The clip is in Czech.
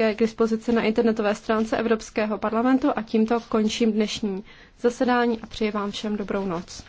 je k dispozici na internetové stránce Evropského parlamentu a tímto končím dnešní zasedání a přeji vám všem dobrou noc.